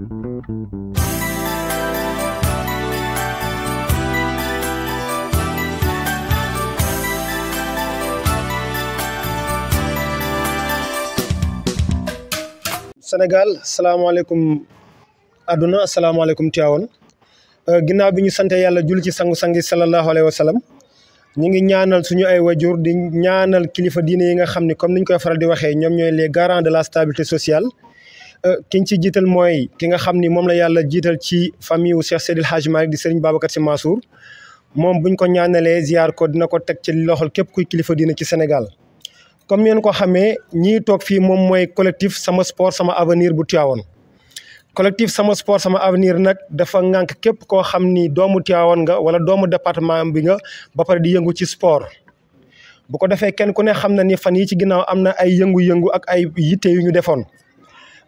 Sénégal salaamaaleykum àdduna salaamaaleykum Tiwaawan euh, ginnaaw bi ñu sant yàlla jul ci sangu-sangi sallallahu alayhi wa sallam ñu ngi ñaanal suñu ay wajur di ñaanal kilifa diine yi nga xam ni comme niñ koy faral di waxee ñoom ñooy les garants de la stabilité sociale Euh, ki ñu ci jiital mooy ki nga xam ni moom la yàlla jiital ci famille wu Cheikh Seydil Hadj Malick di Serigne Babacar Sy Mansour moom buñ ko ñaanalee ziar ko dina ko teg ci loxol képp kuy kilifa diina ci senegal comme ni ngeen ko xamee ñii toog fii moom mooy collectif sama sport sama avenir bu Tivaouane collectif sama sport sama avenir nag dafa ŋànk képp koo xam ni doomu Tivaouane nga wala doomu département bi nga ba pare di yëngu ci sport. bu ko defee kenn ku ne xam na ni fan yi ci ginnaaw am na ay yëngu-yëngu ak ay yitte yu ñu defoon.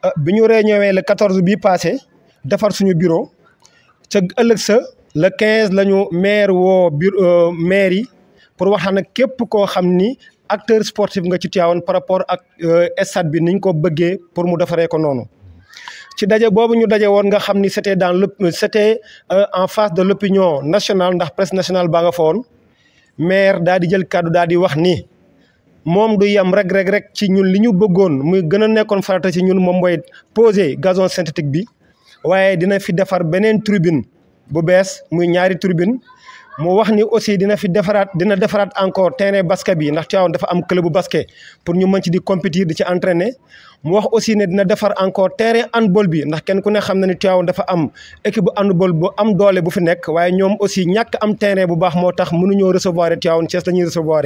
Euh, bi ñu ree réunion le 14 bii passé defar suñu bureau ca ëllëg sa le 15 la ñu maire woo bureau maire yi pour waxtaan ak képp koo xam ni acteur sportif nga ci Tivaouane par rapport ak euh, stade bi niñ ko bëggee pour mu defaree ko noonu. ci daje boobu ñu daje woon nga xam ni c'était dans le c'était euh, en face de l'opinion nationale ndax presse nationale baa nga fa woon maire daa di jël kàddu daa di wax ni. moom du yem rek rek rek ci ñun li ñu bëggoon muy gën a nekkoon farata ci ñun moom mooy poser gazon synthétique bi waaye dina fi defar beneen tribune bu bees muy ñaari tribune mu wax ni aussi dina fi defaraat dina defaraat encore terrain basket bi ndax Tivaouane dafa am club bu basket pour ñu mën ci di compétir di ci entraîner mu wax aussi ne dina defar encore terrain handball bi ndax kenn ku ne xam na ni Tivaouane dafa am équipe and handball bu am doole bu fi nekk waaye ñoom aussi ñàkk am terrain bu baax moo tax mënuñoo recevoir Tivaouane Thiès la ñuy recevoir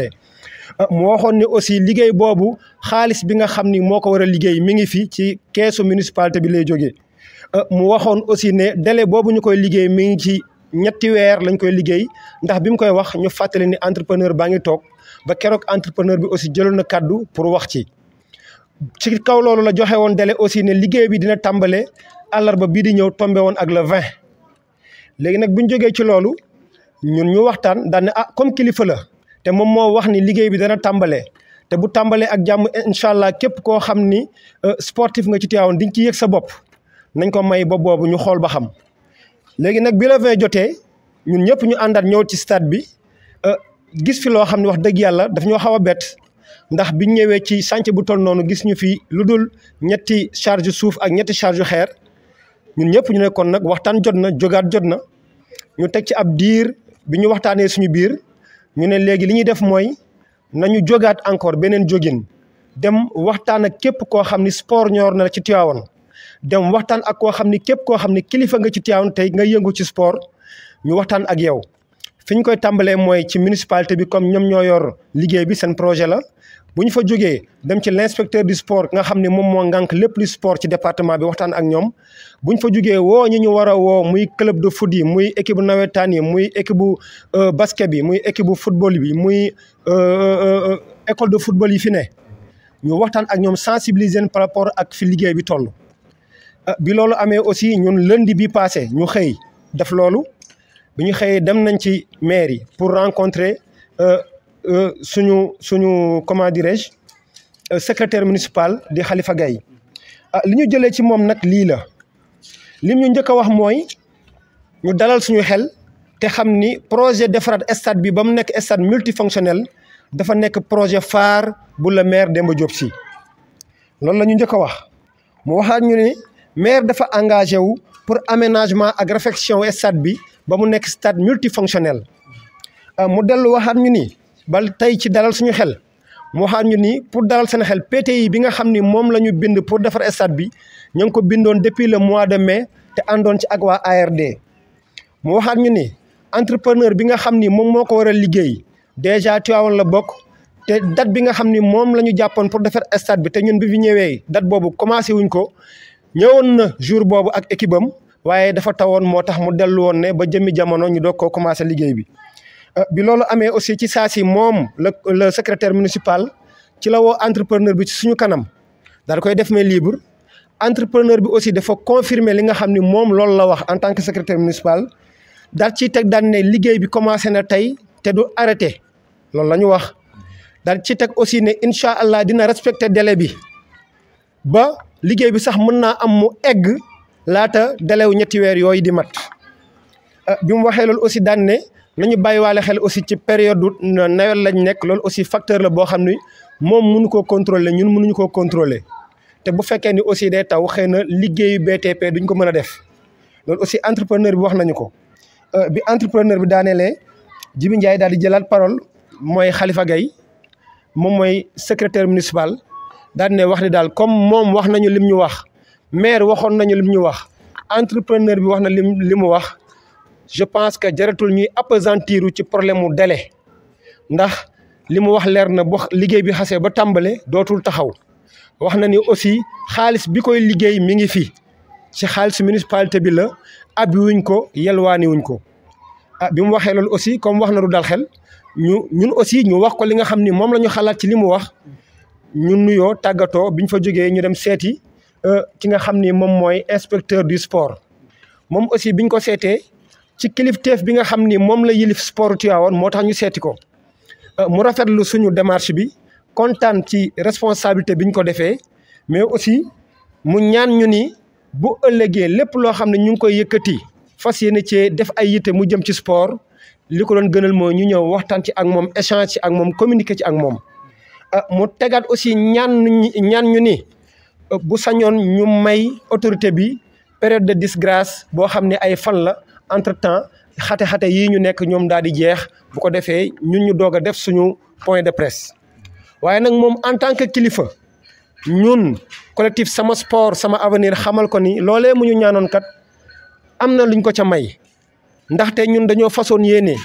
Ah, mu waxoon ne aussi liggéey boobu xaalis bi nga xam ni moo ko war a liggéey mi ngi fi ci keesu municipalité bi lay jógee ah, mu waxoon aussi ne délai boobu ñu koy liggéey mi ngi ci ñetti weer lañ koy liggéey ndax bi mu koy wax ñu fàttali ni entrepreneur baa ngi toog ba keroog entrepreneur bi aussi jëloon na kàddu pour wax ci ci kaw loolu la joxe woon délai aussi ne liggéey bi dina tàmbale àllarba bii di ñëw tombé woon ak le 20 léegi nag bu jógee ci loolu ñun ñu waxtaan daan ne ah comme kilifa la te moom moo wax ni liggéey bi dana tàmbalee te bu tàmbalee ak jàmm incha allah képp koo xam ni euh, sportif nga ci Tivaouane di nga ci yëg sa bopp nañ ko may ba boobu ñu xool ba xam léegi nag bi la vingt jotee ñun ñëpp ñu àndaat ñëw ci stade bi euh, gis fi loo xam ne wax dëgg yàlla daf ñoo xaw a bett ndax ñu ñëwee ci sance bu toll noonu gis ñu fi lu dul ñetti charge suuf ak ñetti charge xeer ñun ñëpp ñu nekkoon nag waxtaan jot na jógaat jot na ñu teg ci ab diir bi ñu waxtaanee suñu biir. ñu ne léegi li ñuy def mooy nañu jógaat encore beneen jógin dem waxtaan ak képp koo xam ni sport ñor na ci Tivaouane dem waxtaan ak koo xam ni képp koo xam ni kilifa nga ci Tivaouane tey nga yëngu ci sport ñu waxtaan ak yow fi ñu koy tàmbalee mooy ci municipalité bi comme ñoom ñoo yor liggéey bi seen projet la bu ñu fa jógee dem ci l' inspecteur du sport nga xam ne moom moo ngànk lépp lu sport ci département bi waxtaan ak ñoom bu ñu fa jógee woo ñu ñu war a woo muy club de foot yi muy équipe nawetaan yi muy équipe bu euh, basket bi muy équipe bu football bi muy euh, euh, école de football yi fi ne ñu waxtaan ak ñoom sensibiliser par rapport ak fi liggéey bi toll. bi loolu amee aussi ñun lundi bi passé ñu xëy def loolu bi ñu xëyee dem nañ ci maire yi pour rencontrer. Euh, suñu suñu comment dirais-je euh, secrétaire municipal di Khalifa Gaye ah li ñu jëlee ci moom nag lii la lim ñu njëkk a wax mooy ñu dalal suñu xel te xam projet defaraat stade bi ba mu nekk stade multifonctionnel dafa nekk projet phare bu le maire Demba Diop Sy loolu la ñu njëkk wax mu waxaat ñu ne maire dafa engagé wu pour aménagement ak réfection stade bi ba nekk stade multifonctionnel ah, mu dellu waxaat ñu ni bal tey ci dalal suñu xel mu waxaat ñu ni pour dalal seen xel PTI bi nga xam ni moom la ñu bind pour defar stade bi ñu ngi ko bindoon depuis le mois de mai te àndoon ci ak waa ARD mu waxaat ñu ni entrepreneur bi nga xam ni moom moo ko war a liggéey déjà Tivaouane la bokk te date bi nga xam ni moom la ñu jàppoon pour defar stade bi te ñun bi fi ñëwee date boobu commencé wuñ ko ñëwoon na jour boobu ak équipe waaye dafa tawoon moo tax mu dellu woon ne ba jëmmi jamono ñu doog koo commencé liggéey bi. Euh, bi loolu amé aussi ci sasi mom le secrétaire municipal ci la entrepreneur bi ci suñu kanam dal koy def mais libre entrepreneur bi aussi dafa confirmer li nga xamni mom la wax en tant que secrétaire municipal dal ci tek daan né liguey bi commencé na tay té du arrêté loolu lañu wax dal ci tek aussi ne inshallah dina respecter délai bi ba liguey bi sax mëna am mu egg laata délai wu ñetti wër yoy di mat euh, bi mu waxé aussi daan né nañu bàyyiwaale xel aussi ci période nawet lañ nekk loolu aussi facteur la boo xam ni moom mënu koo contrôler ñun mënuñu koo contrôler te bu fekkee ni aussi day taw xëy na liggéeyu BTP duñ ko mën a def loolu aussi entrepreneur bi wax nañu ko euh, bi entrepreneur bi daaneele Jibi Ndiaye daal di jëlaat parole mooy Khalifa Gaye moom mooy secretaire municipal daal ne wax ni daal comme moom wax nañu lim ñu wax maire waxoon nañu lim ñu wax entrepreneur bi wax na lim li mu wax je pense que jaratul ñuy appesantiru ci problème mu délai ndax limu wax leer na bo liggéey bi xasse ba tambalé dootul taxaw wax na ni aussi xaaliss bi koy liggéey mi ngi fi ci xaaliss municipalité bi la abi wuñ ko yelwani wuñ ko ah bi mu aussi comme wax na du dal xel ñu ñun aussi ñu wax ko li nga xamni mom lañu la xalaat ci limu wax ñun nuyo tagato biñ fa joggé ñu dem euh ki nga xamni mom moy inspecteur du sport mom aussi biñ ko sété ci kilifteef bi nga xam ni moom la yilif sport Tivaouane moo tax ñu seeti ko euh, mu rafetlu suñu démarche bi kontaan ci responsabilité bi ñu ko defee mais aussi mu ñaan ñu ni bu ëllëgee lépp loo xam ne ñu ngi koy yëkkati fas yéene cee def ay yite mu jëm ci sport li ko doon gënal moo ñu ñëw waxtaan ci ak moom échange ci ak moom communiquer ci ak moom. Euh, mu tegaat aussi ñaan ñaan ñu ni euh, bu sañoon ñu may autorité bi période de disgrâce boo xam ne ay fan la. entre temps xate-xate yii ñu nekk ñoom daal di jeex bu ko defee ñun ñu doog a def suñu point de presse waaye nag moom en tant que kilifa ñun collectif sama sport sama avenir xamal ko ni loolee mu ñu ñaanoon kat am na luñ ko ca may ndaxte ñun dañoo façon yéene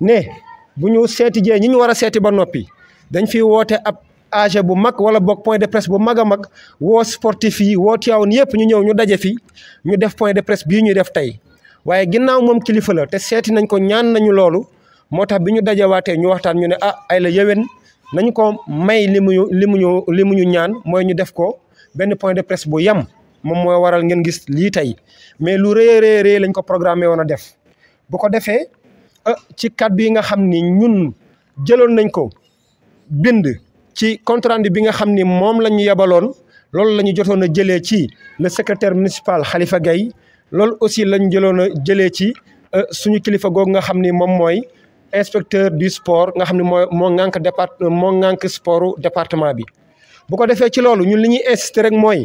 ne bu ñu seeti jee ñi ñu war a seeti ba noppi dañ fi woote ab AG bu mag wala boog point de presse bu mag a mag woo sportif yi woo Tivaouane yëpp ñu ñëw ñu daje fi ñu def point de presse bii ñuy def tey waaye ginnaaw moom kilifa la te seeti nañ ko ñaan nañu loolu moo tax bi ñu dajawaatee ñu waxtaan ñu ne ah ay la yéwén nañ ko may li mu ñu li mu ñu li mu ñu ñaan mooy ñu def ko benn point de presse bu yem moom mooy waral ngeen gis lii tey mais lu rëy a lañ ko programmé woon a def bu ko defee ah, ci kàddu yi nga xam ni ñun jëloon nañ ko bind ci compte bi nga xam ni moom la ñu yebaloon loolu la ñu jotoon a jëlee ci le secrétaire municipal Khalifa Gaye loolu aussi lañ jëloon jëlee ci euh, suñu kilifa googu nga xam ni moom mooy inspecteur du sport nga xam ne mooy moo ŋànk départ euh, moo ŋànk sportu département bi. bu ko defee ci loolu ñun li ñuy insister rek mooy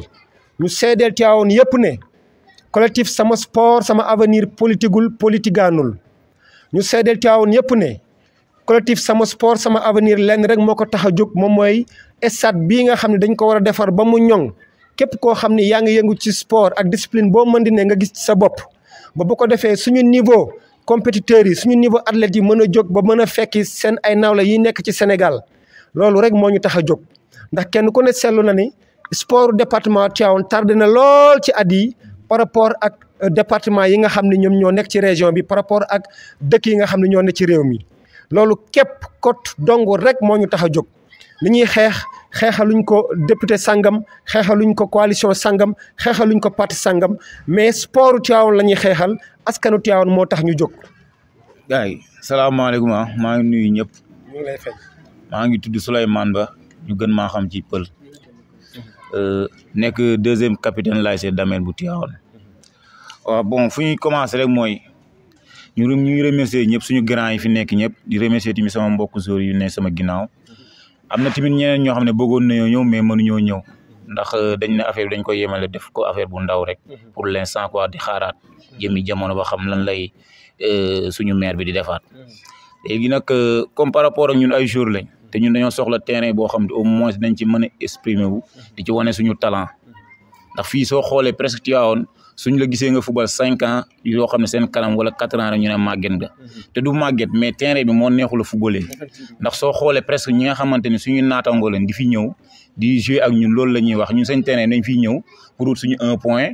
ñu seedeel Tivaouane yëpp ne collectif sama sport sama avenir politigul politigaanul ñu seedeel Tivaouane yëpp ne. collectif sama sport sama avenir lenn rek moo ko tax a jóg moom mooy stade bii nga xam ne dañ ko war a defar ba mu ñoŋ képp koo xam ni yaa ngi yëngu ci sport ak discipline boo mën di ne nga gis ci sa bopp ba bu ko defee suñu niveau compétiteurs yi suñu niveau athlètes yi mën a jóg ba mën a fekki seen ay nawla yi nekk ci Sénégal loolu rek moo ñu tax a jóg ndax kenn ku ne seetlu na ni sport département Tivaouane tardé na lool ci at yi par rapport ak euh, département yi nga xam ne ñoom ñoo nekk ci région bi par rapport ak dëkk yi nga xam ne ñoo nekk ci réew mi loolu képp kot dong rek moo ñu tax a jóg. li ñuy xeex xeexaluñ ko député sangam xeexal xeexaluñ ko coalition sangam xeexal xeexaluñ ko parti sangam mais sportu Tivaouane la ñuy xeexal askanu Tivaouane moo tax ñu jóg. gars yi salaamaaleykum ah, maa ngi nuyu ñëpp. ñu ngi lay fay. maa tudd Souleymane Ba ñu gën maa xam ci pël. Euh, nekk deuxième capitaine lycée Damel bu Tivaouane. waaw bon fu ñu commencé rek mooy. ñu ñu remercier ñëpp suñu grand yi fi nekk ñëpp di remercier tamit sama mbokk joueurs yu ne sama ginnaaw. am na tamit ñeneen ñoo xam ne bëggoon nañoo ñëw mais mënuñoo ndax euh, dañ ne affaire bi dañ koy yemale def ko affaire bu ndaw rek mm-hmm. pour l'instant quoi di xaaraat jëmi jamono ba xam lan lay euh, suñu maire bi di defaat mm-hmm. léegi nag euh, comme par rapport ak ñun ay jour lañ te ñun dañoo soxla terrain boo xam ne o moins dañ ci mën a exprimer wu di ci wane suñu talent mm-hmm. ndax fii soo xoolee presque Tivaouane suñ la gisee nga football cinq ans yoo xam ne seen kanam wala quatre ans rek ñu ne màgget nga mhm. te du màgget mais terrain bi moo neexul a footballee ndax soo xoolee presque ñi nga xamante ne suñu naatangoo leen di fi ñëw di jouer ak ñun loolu la ñuy wax ñun seen terrain dañ fiy ñëw pour wut suñu un point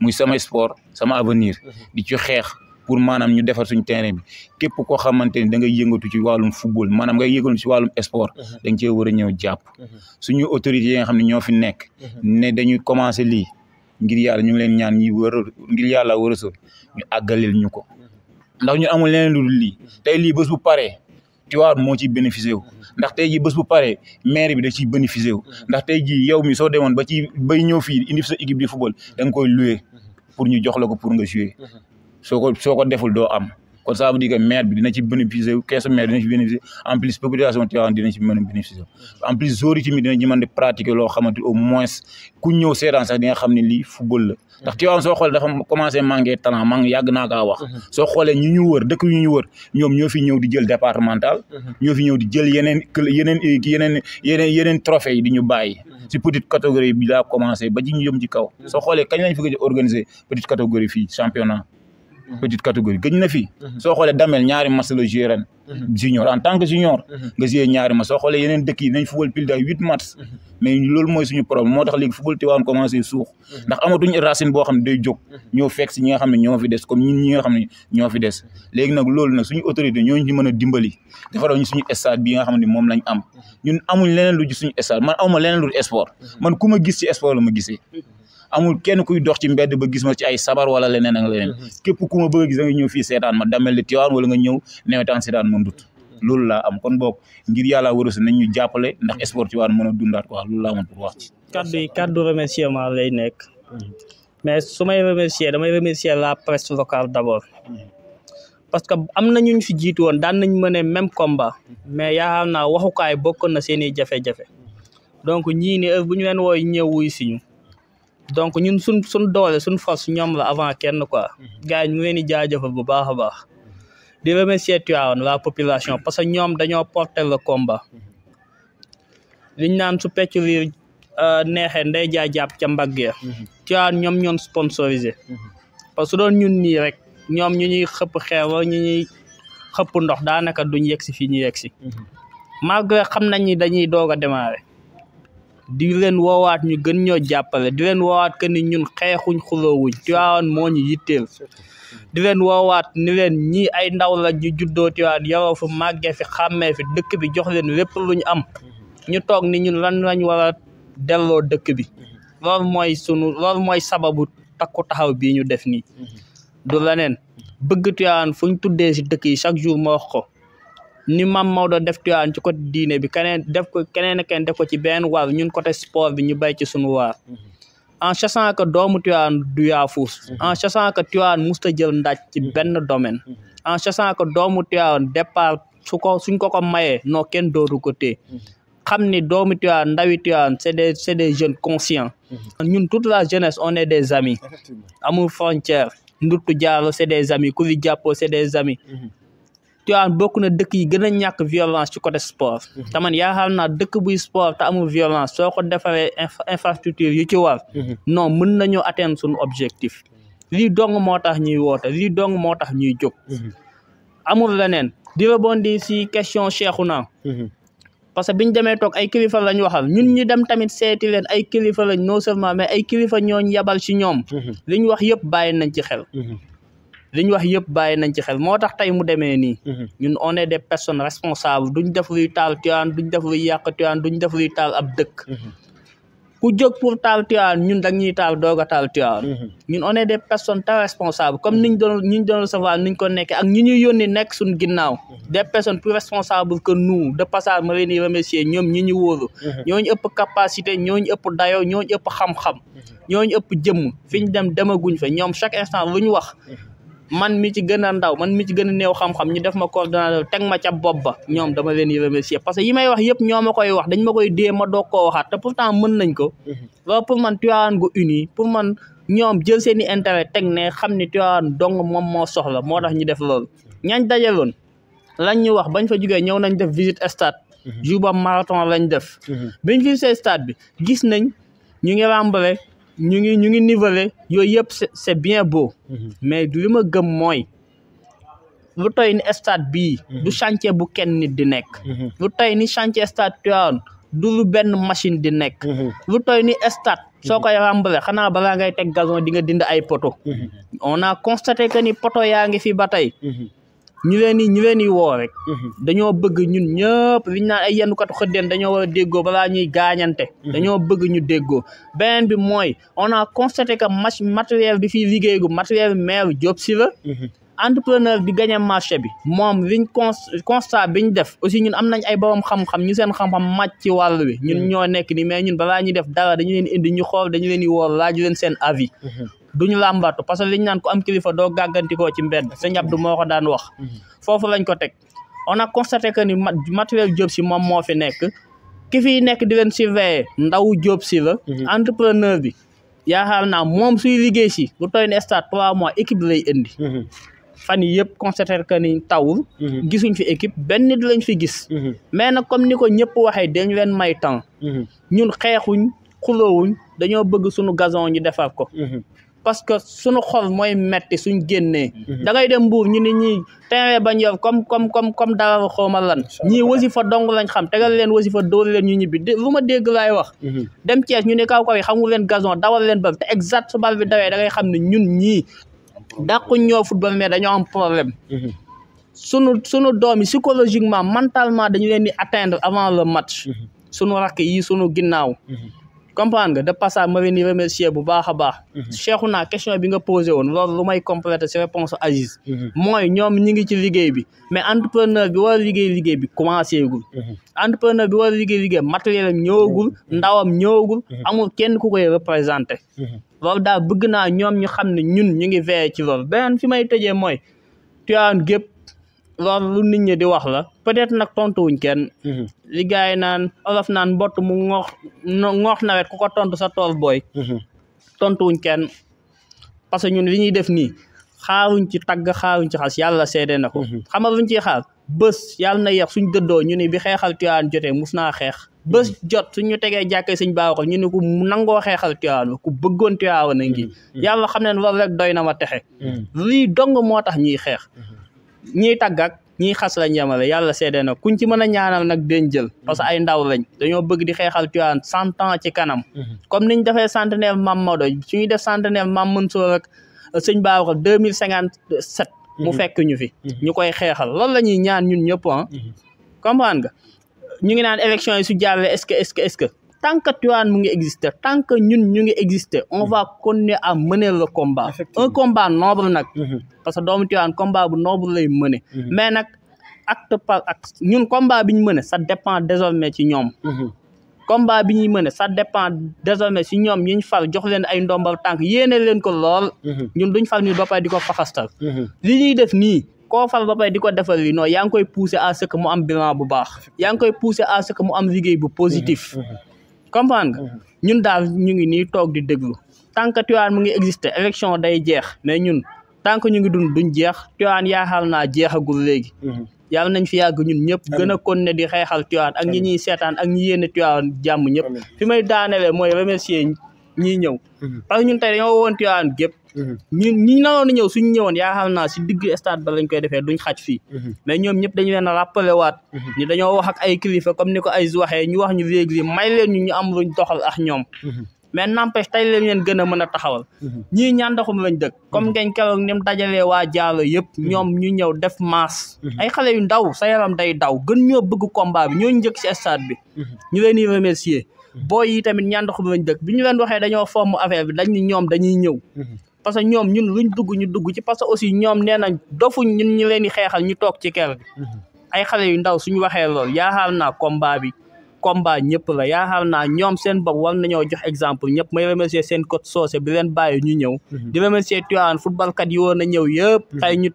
muy sama sport sama avenir di ci xeex pour maanaam ñu defar suñ terrain bi képp koo xamante ni da ngay yëngatu ci wàllum football maanaam ngay yëngatu ci wàllum sport da nga cee war a ñëw jàpp suñu autorités yi nga xam ne ñoo fi nekk dañuy commencé lii ngir yàlla ñu ngi leen ñaan ñi war ngir yàlla war a ñu àggaleel ñu ko ndax ñu amul leneen lu dul lii tey lii bés Tivaouane moo ciy bénéficié wu ndax tey jii bés bu paree maire bi da ciy bénéficié wu ndax tey jii yow mi soo demoon ba ci bay ñëw fii indi sa équipe di football da loué pour ñu jox la ko pour nga jouer mmh. soo ko soo ko deful doo am Quand ça veut dire que maire bi dina ci bénéficier maire dina ci en plus population Tivaouane dina ci en plus les gens dina des au moins ku ils football la ndax Tivaouane commencé à talent manqué a wax soo xoolee mhm. ñu ñu wër dëkk yu ñu wër ñoom ñoo départemental mhm. trophée C'est mhm. petite catégorie bi a commencé ba a ñu yëm ci kaw petite catégorie championnat Mm-hmm. petite catégorie gëj na fi. Mm-hmm. soo xoolee Damel ñaari match la joué ren. Mm-hmm. junior en tant que junior. nga ñaari match soo xoolee yeneen dëkk yi nañ football pile day huit match. mais loolu mooy suñu problème moo tax léegi ne day jóg. ñoo fekk si ñi nga xam ne ñoo fi des comme ñun ñi nga xam ne ñoo nag loolu nag suñu autorité ñooñu ci a dimbali defaral ñu suñu stade bi nga xam moom lañ am ñun amuñ leneen lu suñu stade man aw ma lu sport man ku gis ci sport la ma gisee amul kenn kuy dox ci mbedd ba gis ma ci ay sabar wala leneen ak leneen mhm. képp ku ma bëgg a nga ñëw fii seetaan ma damel di wala nga ñëw newetaan seetaan ma ndut mhm. loolu la am kon boog ngir yàlla wërës nañ ñu jàppale ndax mhm. sport ci waan mën a dundaat quoi loolu laa amoon pour wax ci kaddu yi kaddu remerciement lay nekk mais su may remercier damay remercier la presse locale d'abord parce que am na ñu fi jiitu woon daan nañ mën a même combat mais yaakaar naa waxukaay bokkoon na seen i jafe-jafe donc ñii ne heure bu ñu leen wooy ñëw si donc ñun suñ suñ doole suñ force ñoom la avant kenn quoi mhm. gars yi ñu ngi bu baax a baax di remercier Tivaouane la population parce que ñoom dañoo porter le combat mhm. liñ naan su pecc liir euh, neexee nday jaay jàpp ca mbagg ya mhm. Tivaouane ñoom ñoon sponsorisé parce que doon ñun nii rek ñoom ñu ñuy xëpp xeewa ñu ñuy xëpp ndox daanaka duñ yegg si fii ñu yegg si malgré xam nañ dañuy doog a démarrer di leen woowaat ñu gën ñoo jàppale di leen woowaat que ni ñun xeexuñ xuloowuñ Tiwaawan moo ñu yitteel di leen woowaat ni leen ñii ay ndaw la ñu juddoo Tiwaawan yaroo fi màggee fi xàmmee fi dëkk bi jox leen lépp lu ñu am ñu toog ni ñun lan lañ war a dëkk bi loolu mooy sunu loolu mooy sababu takku taxaw bii ñu def nii du leneen bëgg Tiwaawan fu ñu tuddee si dëkk yi chaque jour ma wax ni maam Maodo def Tiwaawan ci côté diine bi keneen def ko keneen ak keneen def ko ci benn waar ñun côté sport bi ñu bay ci sunu waar mhm. en sachant que doomu Tiwaawan du yaafuus mhm. en sachant que Tiwaawan musta jël ndaaj ci mhm. benn domaine en sachant que doomu Tiwaawan départ su ko suñ ko ko mayee noo kenn dootu ko téye xam ni doomu Tiwaawan ndawi Tiwaawan c'est des c'est des jeunes conscients ñun toute la jeunesse on est des amis amul frontière nduttu jaaro c'est des amis ku fi jàppoo c'est des amis Tivaouane bokk na dëkk yi gën a ñàkk violence ci côté sport mhm. te man yaakaar naa dëkk buy sport te amul violence soo ko defaree infrastructure yu ci war mhm. non mën nañoo atteindre suñu objectif lii dong moo tax ñuy woote lii dong moo tax ñuy jóg mhm. amul leneen di rebondir si question Cheikhouna parce que biñ demee toog ay kilifa lañ waxal ñun ñu dem tamit seeti leen ay kilifa lañ non seulement mais ay kilifa ñooñ yabal si ñoom li wax yëpp bàyyi nañ ci xel li ñu wax yëpp bàyyi nañ ci xel moo tax tey mu demee ni mhm. ñun on est des personnes responsables duñ def luy taal Tiwaawan duñ def luy yàq duñ def luy taal ab dëkk mhm. ku jóg pour taal Tiwaawan ñun dañuy taal doog a taal Tiwaawan mhm. ñun on est des personnes très responsables comme niñ doon ñu doon recevoir niñ ko nekkee ak ñi ñuy yónni nekk suñ ginnaaw des personnes plus responsables que nous de passage ma leen di remercier ñoom ñi ñu ñooñu ëpp capacité ñooñu ëpp dayoo ñooñu ëpp xam-xam ñooñu ëpp jëmm dem demaguñ fa ñoom chaque instant lu ñu wax man mi ci gën a ndaw man mi ci gën a néew xam-xam ñu def ma coordonnateur teg ma ca bopp ba ñoom dama leen di remercier parce que yi may wax yëpp ñoo ma koy wax dañ ma koy dee ma doog koo waxaat te pourtant mën nañ ko loolu mhm. pour man Tivaouane gu uni pour man ñoom jël seen i intérêt teg ne xam ni Tivaouane dong moom moo soxla moo tax ñu def loolu ñaañ dajaloon lañ ñu wax bañ fa jugee ñëw nañ def visite stade mhm. juba marathon lañ def mhm. biñ visité stade bi gis nañ ñu ngi ràmbale ñu ngi ñu ngi niveler yooyu yëpp c'est bien beau mhm. mais li ma gëm mooy lu toy ni stade bii mhm. du chantier bu kenn nit di nekk mhm. lu toy ni chantier stade Tivaouane du lu benn machine di nekk lu toy ni stade soo koy rambale xanaa balaa ngay teg gazon di nga dind ay poto on a constaté que ni poto yaa ngi fi ba tey ñu leen di ñu leen di woo rek. Mm-hmm. dañoo bëgg ñun ñëpp li ñu naan ay yendukatu xëddeen dañoo war a déggoo balaa ñuy gaañante. Mm-hmm. dañoo bëgg ñu déggoo beneen bi mooy on a constaté que match matériel bi fiy liggéey gu matériel maire Diop si la. Mm-hmm. entrepreneur bi gagné marché bi moom liñ constat biñ def aussi ñun am nañ ay borom xam-xam ñu seen xam-xam màcc ci wàll wi ñun ñoo nekk ni mais ñun balaa ñuy def dara dañu leen indi ñu xool dañu leen di woor laaju leen seen avi du ñu làmbaatu parce que ñu naan ko am kilifa doo gàggantikoo ci mbedd sëñ Abdou moo ko daan wax mhm. foofu lañ ko teg on a constaté que ni matériel Diop si moom moo fi nekk ki fii nekk di leen surveiller ndaw Diop si la mhm. entrepreneur bi yaakaar naa moom suy liggéey si lu toy ne stade trois mois équipe lay indi mhm. fan yi yëpp constaté que ni tawul gisuñ fi équipe benn nit lañ fi gis mais nag comme ni ko ñëpp waxee dañ leen may temps ñun xeexuñ xuloowuñ dañoo bëgg suñu gazon ñu defar ko parce que suñu xol mooy metti suñ génnee mhm. da ngay dem mbuur ñu ni ñi terrain bañ yor comme comme comme comme dara xawma lan ñii wasifa dong lañ xam tegal leen wasifa dóor leen ñu ñibbi lu ma dégg laay wax mhm. dem Thiès ñu ne kaw kaw yi xamul leen gazon leen bal te exact su bal dawee da ngay xam ne ñun ñii dàqu ñoo football mais dañoo am problème mhm. sunu sunu doom yi psychologiquement mentalement dañu leen di atteindre avant le match sunu rakk yi sunu ginnaaw comprendre nga de passage ma leen bu baax a baax mhm. question bi nga posé woon loolu lu may complété si réponse Aziz mhm. mooy ñoom ñi ngi ci liggéey bi mais entrepreneur bi war a liggéey liggéey bi commencé gul mhm. entrepreneur bi war a liggéey liggéey matériel am ñëwagul ndawam ñëwagul amul kenn ku koy représenté loolu daal bëgg naa ñoom ñu xam ne ñun ñu ngi veillé ci loolu beneen fi may tëjee mooy tuyaan gépp loolu lu nit ñi di wax la peut-être nag tontuwuñ kenn mhm. li gars naan olof naan mbott mu ŋoox ŋoox nawet ku ko tont sa tool booy mhm. tontuwuñ kenn parce que ñun li ñuy def nii xaaruñ ci tagg xaaruñ ci xas yàlla seede na ko mhm. xamal luñ ciy xaar bés yàlla na yeex suñ dëddoo ñu ni bi xeexal Tiwaawan jotee mus naa xeex bés jot suñ ñu tegee jàkkee suñ baaxul ñu ni ku nangoo xeexal Tiwaawan ku bëggoon Tiwaawan na ngi yàlla xam ne loolu rek doy na ma texe lii dong moo tax ñuy xeex ñiy tàgg ak ñiy xas lañ yemale yàlla seede kuñ ci mën a ñaanal nag den jël parce que ay ndaw lañ dañoo bëgg di xeexal Tiwaawan cent ans ci kanam mhm. comme niñ defee centenaire Mame Maodo suñuy def centenaire Mame Mansour rek euh, sëñ Babacar deux mille cinquante sept mu mhm. fekk ñu fi mhm. ñu koy xeexal loolu la ñuy ñaan ñun ñëpp ah comprendre nga ñu ngi naan élection yi su jàllee est-ce que est est tant que Tivaouane mu ngi exister tant ñun ñu ngi exister on mm-hmm. va continuer à mener le combat un combat noble nag mm-hmm. parce que doomu Tivaouane combat bu noble lay mener mm-hmm. mais nag acte par acte ñun combat bi ñu mener ça dépend désormais ci ñoom combat bi ñuy mën a ça dépend désormais si ñoom ñu ñu far jox leen ay ndombal tànk yéene leen ko lool. ñun duñ far ñu ba pare di ko faxastal. li def nii koo far ba di ko defal li non yaa koy pousser à ce mu am bilan bu baax. yaa koy pousser à ce comprendre nga mhm. ñun daal ñu ngi nii toog di déglu tant que Tivaouane mu ngi exister élection day jeex mais ñun tant que ñu ngi dund duñ jeex Tivaouane yaakaar naa jeexagul léegi mhm. yàlla nañ fi yàgg ñun ñëpp gën a kon ne di xeexal Tivaouane ak ñi ñuy seetaan ak ñi yéene Tivaouane jàmm ñëpp fi may daanelee mooy remercier ñiy ñëw mhm. parce que ñun tey dañoo woon Tivaouane gépp mhm. ñun ñi ñëw suñu ñëwoon yaa xam naa si digg stade ba lañ koy defee duñ xaj fii mhm. mais ñoom ñëpp dañu leen rappelé waat ñu dañoo wax ak kilifa comme ni ko ay waxee ñu wax ñu végli may leen ñu ñu am luñ doxal ak ñoom mais n'empêche tey leen leen gën a mën a taxawal ñii ñaandaxum lañ dëkk comme ngeen keroog ni mu waa jaalo yëpp ñoom ñu ñëw def maas ay xale yu ndaw sa yaram day daw gën ñoo bëgg combat bi ñoo njëkk si stade bi ñu leen di booy yi tamit ñaan dox bi lañ dëkk bi ñu leen waxee dañoo fomm affaire bi dañ ni ñoom dañuy ñëw mhm. parce que ñoom ñun luñ dugg ñu dugg ci parce que aussi ñoom neenañ nañ dofuñ ñun ñu leen di xeexal ñu toog ci kër bi mhm. ay xale yu ndaw suñu waxee lool yaakaar naa combat bi combat ñëpp la yaakaar naa ñoom seen bopp war nañoo jox exemple ñëpp may remercier seen coach Socé bi leen bàyyi ñu ñëw mhm. di remercier Tivaouane footballkat yi woon a ñëw yëpp xëy ñu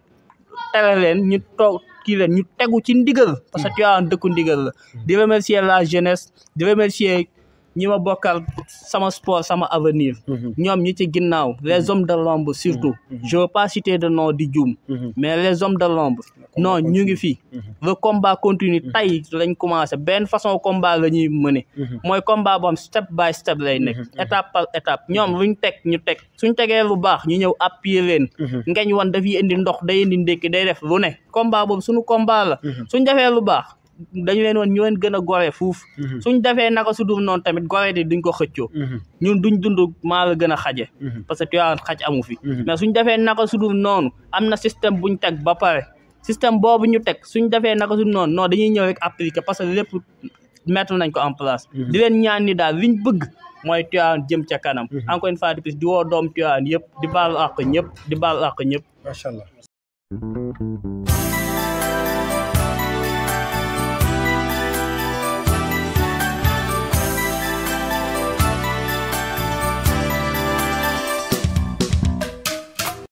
tere leen ñu toog kii leen ñu tegu ci ndigal parce dëkku ndigal la di remercier la jeunesse di remercier ñi ma bokkal sama sport sama avenir mhm. ñoom ñi ci ginnaaw les mhm. hommes de l'ombre surtout mhm. je pas citer de nom di juum mais les hommes de l'ombre non ñu ngi fii le combat continue tey lañ commencé benn façon combat la ñuy mëne mooy combat boo xam step by step lay nekk étape par étape ñoom luñ teg ñu teg suñ tegee lu baax ñi ñëw appuyer leen ngeñ wan dafay indi ndox day indi ndékki day def lu ne combat boobu suñu combat la suñ defee lu baax dañu leen woon ñu leen gën a gore fuuf mhm. suñ defee naka su noonu tamit gore di duñ ko xëccoo mhm. ñu duñ dund maa la gën a xaje mhm. parce que Tiwaawan xaj amu fi mais suñ defee naka su dul noonu am na système buñ teg ba pare système boobu ñu teg suñ defee naka su dul noonu dañuy ñëw rek appliquer parce que lépp mettre nañ ko en place di leen ñaan ni daal liñ bëgg mooy Tiwaawan jëm ca kanam encore une fois de plus di woo doom Tiwaawan yëpp di baal àq ñëpp di ñëpp macha